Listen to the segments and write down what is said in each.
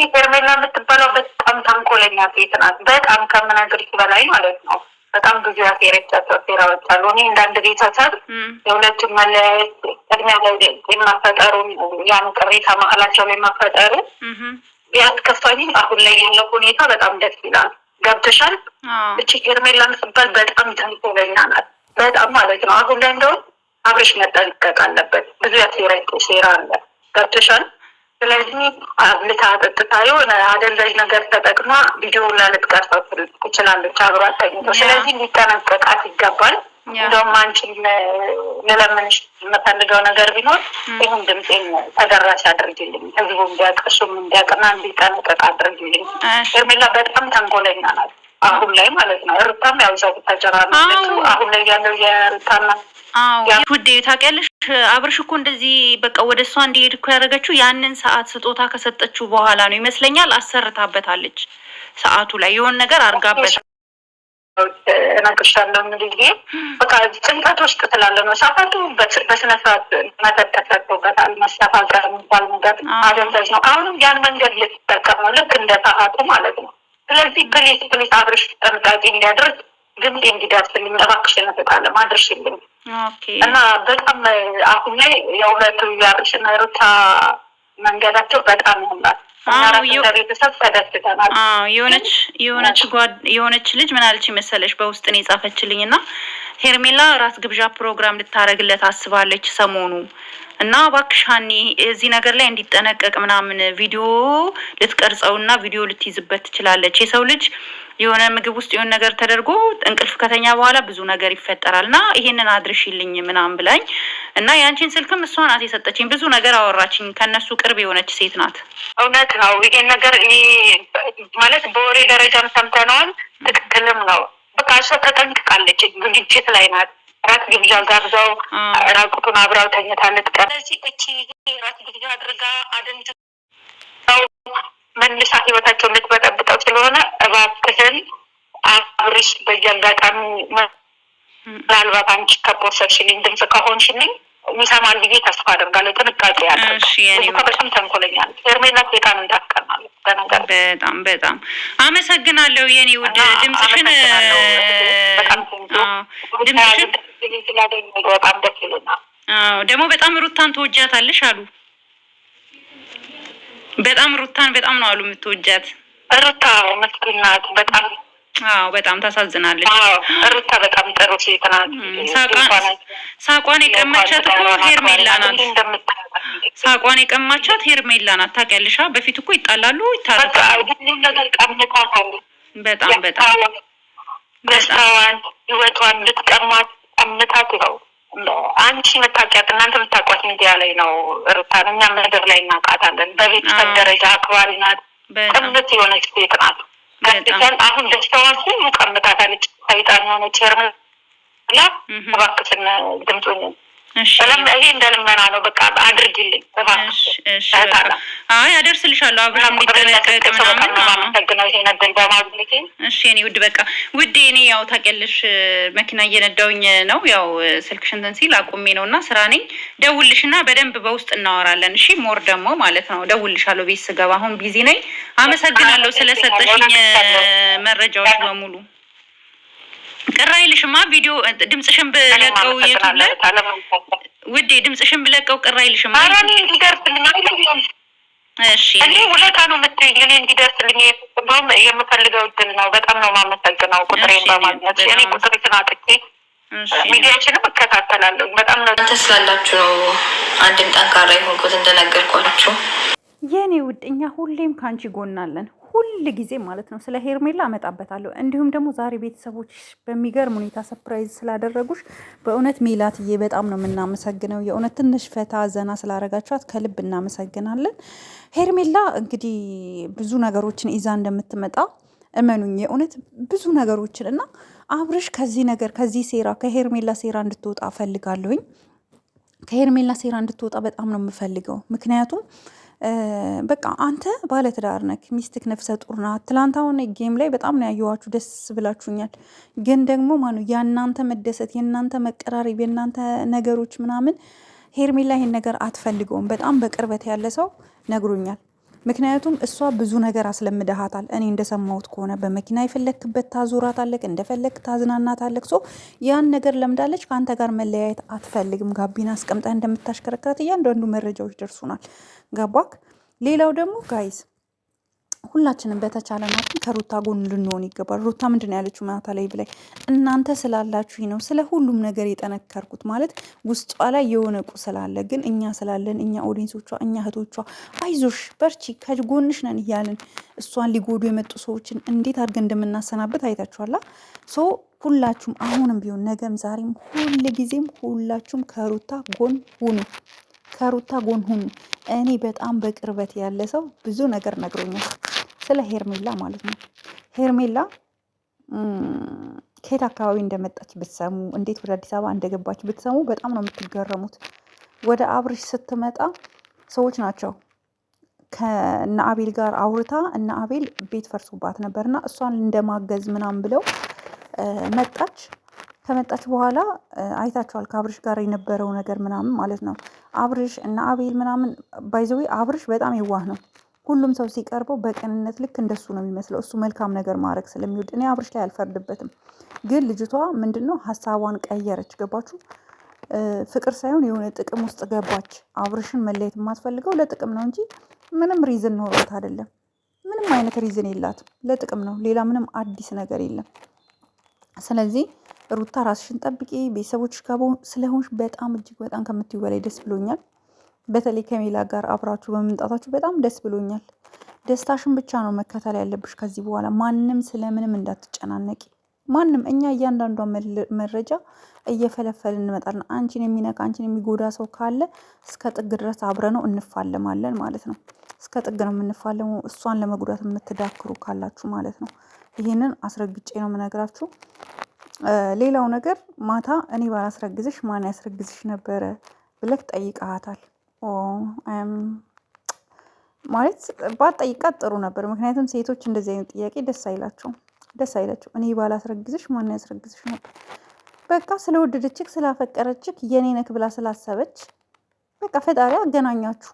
ይህ ሄርሜላ የምትባለው በጣም ተንኮለኛ ሴት ናት። በጣም ከምነግርሽ በላይ ማለት ነው። በጣም ብዙ ያሴረቻቸው ሴራዎች አሉ። እኔ እንዳንድ ቤተሰብ የሁለቱን መለያየት ቅድሚያ ላይ የማፈጠሩ ያን ቅሬታ መሀላቸው ላይ የማፈጠሩ ቢያስከፋኝም አሁን ላይ ያለው ሁኔታ በጣም ደስ ይላል። ገብተሻል? እቺ ሄርሜላ የምትባል በጣም ተንኮለኛ ናት። በጣም ማለት ነው። አሁን ላይ እንደውም አብረሽ መጠንቀቅ አለበት። ብዙ ያሴራ ሴራ አለ። ገብተሻል? ስለዚህ አብልታ አጠጥታ የሆነ አደንዛዥ ነገር ተጠቅማ ቪዲዮ ላይ ትችላለች አብሮ አተኝቶ። ስለዚህ ሊጠነቀቃት ይገባል። እንደውም አንቺ ልለምንሽ የምፈልገው ነገር ቢኖር ይህን ድምፄን ተደራሽ አድርጊልኝ፣ ህዝቡ እንዲያውቅ፣ እሱም እንዲያውቅና እንዲጠነቀቅ አድርጊልኝ። ሄርሜላ በጣም ተንኮለኛ ናት አሁን ላይ ማለት ነው። ርታም ያው እዛው ብታጀራ አሁን ላይ ያለው የርታና አዎ ውዴ ታውቂያለሽ፣ አብርሽ እኮ እንደዚህ በቃ ወደ እሷ እንዲሄድ እኮ ያደረገችው ያንን ሰዓት ስጦታ ከሰጠችው በኋላ ነው ይመስለኛል። አሰርታበታለች፣ ሰዓቱ ላይ የሆን ነገር አድርጋበታል። እነግርሻለሁ ጊዜ በቃ ጭንቀት ውስጥ ስላለ ነው። ሰዓቱ በስነ ስርዓት መጠቀሰበታል። መስተፋቀር የሚባል ነገር አደንዘዝ ነው። አሁንም ያን መንገድ ልትጠቀም ልክ እንደ ሰዓቱ ማለት ነው። ስለዚህ ፕሊስ ፕሊስ አብርሽ ጥንቃቄ እንዲያደርግ ግን እንዲደርስልኝ እባክሽን በቃ ማድረሽልኝ እና በጣም አሁን ላይ የሁለቱ ያርሽና ሩታ መንገዳቸው በጣም ይሆናል። የሆነች ልጅ ምን አለች መሰለች በውስጥ ነው የጻፈችልኝ እና ሄርሜላ ራት ግብዣ ፕሮግራም ልታደረግለት አስባለች ሰሞኑ እና እባክሽ ሀኒ እዚህ ነገር ላይ እንዲጠነቀቅ ምናምን ቪዲዮ ልትቀርጸው ልትቀርጸውና ቪዲዮ ልትይዝበት ትችላለች የሰው ልጅ የሆነ ምግብ ውስጥ የሆነ ነገር ተደርጎ እንቅልፍ ከተኛ በኋላ ብዙ ነገር ይፈጠራል እና ይሄንን አድርሽልኝ ምናምን ብላኝ እና ያንቺን ስልክም እሷ ናት የሰጠችኝ። ብዙ ነገር አወራችኝ። ከነሱ ቅርብ የሆነች ሴት ናት። እውነት ነው። ይሄን ነገር ማለት በወሬ ደረጃም ሰምተነዋል። ትክክልም ነው። በቃ እሷ ተጠንቅቃለች። ዝግጅት ላይ ናት። ራት ግብዣ ጋብዘው ራቁቱን አብራው ተኝታ ልትቀር እቺ እቺ ራት ግብዣ አድርጋ አደንጅ መልሳ ህይወታቸው ልትበጠብጠው ስለሆነ እባክህን አብርሽ በየአጋጣሚ ምናልባት አንቺ ከፖሰድሽልኝ ድምፅ ከሆንሽልኝ ይሰማል ብዬ ተስፋ አደርጋለሁ። ጥንቃቄ ያለ በጣም ተንኮለኛል። ሄርሜላ ሴጣን እንዳትቀናለች። በጣም በጣም አመሰግናለሁ የኔ ውድ ድምፅሽን ድምፅሽን በጣም ደስ ይለናል። ደግሞ በጣም ሩታን ተወጃታለሽ አሉ በጣም ሩታን በጣም ነው አሉ የምትወጃት ሩታ መስኪን በጣም አዎ፣ በጣም ታሳዝናለች። ሩታ በጣም ጥሩ ሴት ናት። ሳቋን የቀማቻት እኮ ሄርሜላ ናት። ሳቋን የቀማቻት ሄርሜላ ናት። ታውቂያለሽ? በፊት እኮ ይጣላሉ፣ ይታረቃሉ። በጣም በጣም በጣም ህይወቷን ልትቀማት ቀምታት ነው አንቺ የምታውቂያት እናንተ የምታውቋት ሚዲያ ላይ ነው ርታን፣ እኛ ምድር ላይ እናውቃታለን። በቤተሰብ ደረጃ አክባሪ ናት፣ ቅምት የሆነች ሴት ናት። ጋዜጠን አሁን ደስታዋን ሁሉ ቀምታታለች። ሰይጣን የሆነች ርምላ እባክሽን ድምፁ ይሄ እንደ ልመና ነው። በቃ አድርጊልኝ። አይ አደርስልሻለሁ። አብርሽ የሚጠነቀቅ ምናምን እሺ እኔ ውድ በቃ ውድ እኔ ያው ታውቂያለሽ መኪና እየነዳውኝ ነው ያው ስልክሽ እንትን ሲል አቁሜ ነው እና ስራ ነኝ። ደውልሽ በደንብ በውስጥ እናወራለን። እሺ ሞር ደግሞ ማለት ነው ደውልሻለሁ ቤት ስገባ። አሁን ቢዚ ነኝ። አመሰግናለሁ ስለሰጠሽኝ መረጃዎች በሙሉ ቅር አይልሽማ ቪዲዮ ድምፅሽን ብለቀው የቱለ ውዴ ድምፅሽን ብለቀው ቅር አይልሽማ እሺ እኔ ውለታ ነው የምትይኝ እኔ እንዲደርስልኝ ብሎም የምፈልገው ድል ነው በጣም ነው የማመሰግነው ቁጥሬን በማግኘት እኔ ቁጥሬን አጥቼ ሚዲያችንም እከታተላለሁ በጣም ነው ተስላላችሁ ነው አንድም ጠንካራ የሆንኩት እንደነገርኳችሁ የእኔ ውድ እኛ ሁሌም ከአንቺ ጎናለን ሁል ጊዜ ማለት ነው ስለ ሄርሜላ አመጣበታለሁ። እንዲሁም ደግሞ ዛሬ ቤተሰቦች በሚገርም ሁኔታ ሰፕራይዝ ስላደረጉሽ በእውነት ሜላትዬ በጣም ነው የምናመሰግነው። የእውነት ትንሽ ፈታ ዘና ስላረጋችኋት ከልብ እናመሰግናለን። ሄርሜላ እንግዲህ ብዙ ነገሮችን ይዛ እንደምትመጣ እመኑኝ የእውነት ብዙ ነገሮችን እና አብርሽ ከዚህ ነገር ከዚህ ሴራ ከሄርሜላ ሴራ እንድትወጣ ፈልጋለሁኝ። ከሄርሜላ ሴራ እንድትወጣ በጣም ነው የምፈልገው ምክንያቱም በቃ አንተ ባለትዳር ነክ ሚስትክ ነፍሰ ጡር ናት። ትላንት አሁን ጌም ላይ በጣም ነው ያየኋችሁ፣ ደስ ብላችሁኛል። ግን ደግሞ ማኑ የእናንተ መደሰት፣ የእናንተ መቀራረብ፣ የእናንተ ነገሮች ምናምን ሄርሜላ ይሄን ነገር አትፈልገውም። በጣም በቅርበት ያለ ሰው ነግሮኛል። ምክንያቱም እሷ ብዙ ነገር አስለምደሃታል። እኔ እንደሰማሁት ከሆነ በመኪና የፈለክበት ታዞራታለህ፣ እንደፈለክ ታዝናናታለህ። ሶ ያን ነገር ለምዳለች። ከአንተ ጋር መለያየት አትፈልግም። ጋቢና አስቀምጠህ እንደምታሽከረክራት እያንዳንዱ መረጃዎች ደርሱናል። ገባክ? ሌላው ደግሞ ጋይዝ ሁላችንም በተቻለ ማትን ከሩታ ጎን ልንሆን ይገባል። ሩታ ምንድን ነው ያለችው ማታ ላይ ብላይ እናንተ ስላላችሁኝ ነው ስለ ሁሉም ነገር የጠነከርኩት ማለት ውስጧ ላይ የሆነ ቁስል አለ፣ ግን እኛ ስላለን እኛ ኦዲንሶቿ፣ እኛ እህቶቿ አይዞሽ በርቺ ከጎንሽ ነን እያልን እሷን ሊጎዱ የመጡ ሰዎችን እንዴት አድርገን እንደምናሰናበት አይታችኋላ። ሶ ሁላችሁም አሁንም ቢሆን ነገም፣ ዛሬም፣ ሁል ጊዜም ሁላችሁም ከሩታ ጎን ሁኑ፣ ከሩታ ጎን ሁኑ። እኔ በጣም በቅርበት ያለ ሰው ብዙ ነገር ነግሮኛል። ስለ ሄርሜላ ማለት ነው። ሄርሜላ ከየት አካባቢ እንደመጣች ብትሰሙ፣ እንዴት ወደ አዲስ አበባ እንደገባች ብትሰሙ በጣም ነው የምትገረሙት። ወደ አብርሽ ስትመጣ ሰዎች ናቸው ከእነ አቤል ጋር አውርታ እነ አቤል ቤት ፈርሶባት ነበርና እሷን እንደማገዝ ምናምን ብለው መጣች። ከመጣች በኋላ አይታችኋል፣ ከአብርሽ ጋር የነበረው ነገር ምናምን ማለት ነው። አብርሽ እና አቤል ምናምን ባይዘዌ አብርሽ በጣም የዋህ ነው። ሁሉም ሰው ሲቀርበው በቅንነት ልክ እንደሱ ነው የሚመስለው። እሱ መልካም ነገር ማድረግ ስለሚወድ እኔ አብርሽ ላይ አልፈርድበትም። ግን ልጅቷ ምንድን ነው ሀሳቧን ቀየረች። ገባችሁ? ፍቅር ሳይሆን የሆነ ጥቅም ውስጥ ገባች። አብርሽን መለየት የማትፈልገው ለጥቅም ነው እንጂ ምንም ሪዝን ኖሯት አይደለም። ምንም አይነት ሪዝን የላትም። ለጥቅም ነው። ሌላ ምንም አዲስ ነገር የለም። ስለዚህ ሩታ ራስሽን ጠብቂ። ቤተሰቦች ጋር ስለሆንሽ በጣም እጅግ በጣም ከምትዩ በላይ ደስ ብሎኛል። በተለይ ከሜላ ጋር አብራችሁ በመምጣታችሁ በጣም ደስ ብሎኛል። ደስታሽን ብቻ ነው መከተል ያለብሽ ከዚህ በኋላ ማንም ስለምንም እንዳትጨናነቂ። ማንም እኛ እያንዳንዷን መረጃ እየፈለፈልን እንመጣለን። አንቺን የሚነካ አንቺን የሚጎዳ ሰው ካለ እስከ ጥግ ድረስ አብረ ነው እንፋለማለን ማለት ነው። እስከ ጥግ ነው የምንፋለመው እሷን ለመጉዳት የምትዳክሩ ካላችሁ ማለት ነው። ይህንን አስረግጬ ነው የምነግራችሁ። ሌላው ነገር ማታ እኔ ባላስረግዝሽ ማን ያስረግዝሽ ነበረ ብለክ ጠይቃሃታል። ማለት ባትጠይቃት ጥሩ ነበር። ምክንያቱም ሴቶች እንደዚህ አይነት ጥያቄ ደስ አይላቸው ደስ አይላቸው። እኔ ባላስረግዝሽ ማን ያስረግዝሽ ነበር። በቃ ስለወደደችክ ስላፈቀረችክ የኔ ነክ ብላ ስላሰበች በቃ ፈጣሪ አገናኛችሁ።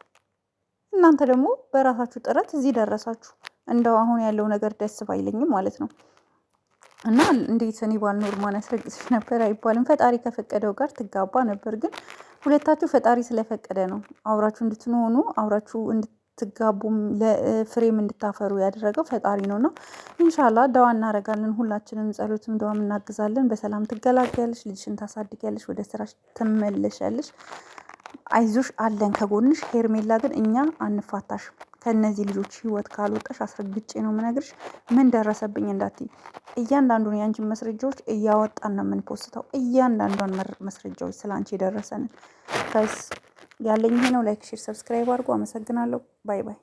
እናንተ ደግሞ በራሳችሁ ጥረት እዚህ ደረሳችሁ። እንደው አሁን ያለው ነገር ደስ ባይለኝም ማለት ነው እና እንዴት እኔ ባልኖር ማን ያስረግዝሽ ነበር አይባልም። ፈጣሪ ከፈቀደው ጋር ትጋባ ነበር ግን ሁለታችሁ ፈጣሪ ስለፈቀደ ነው አብራችሁ እንድትሆኑ አብራችሁ እንድትጋቡም ለፍሬም እንድታፈሩ ያደረገው ፈጣሪ ነው እና እንሻላ ደዋ እናረጋለን። ሁላችንም ጸሎትም ደዋም እናግዛለን። በሰላም ትገላገያለሽ፣ ልጅሽን ታሳድጊያለሽ፣ ወደ ስራሽ ትመለሻለሽ። አይዞሽ አለን ከጎንሽ። ሄርሜላ ግን እኛ አንፋታሽም። ከእነዚህ ልጆች ህይወት ካልወጣሽ አስረግጬ ነው የምነግርሽ። ምን ደረሰብኝ እንዳትይ፣ እያንዳንዱን የአንቺን መስረጃዎች እያወጣን ነው የምንፖስተው። እያንዳንዷን መስረጃዎች ስለ አንቺ የደረሰንን ከስ ያለኝ ይሄ ነው። ላይክ፣ ሼር፣ ሰብስክራይብ አድርጎ አመሰግናለሁ። ባይ ባይ።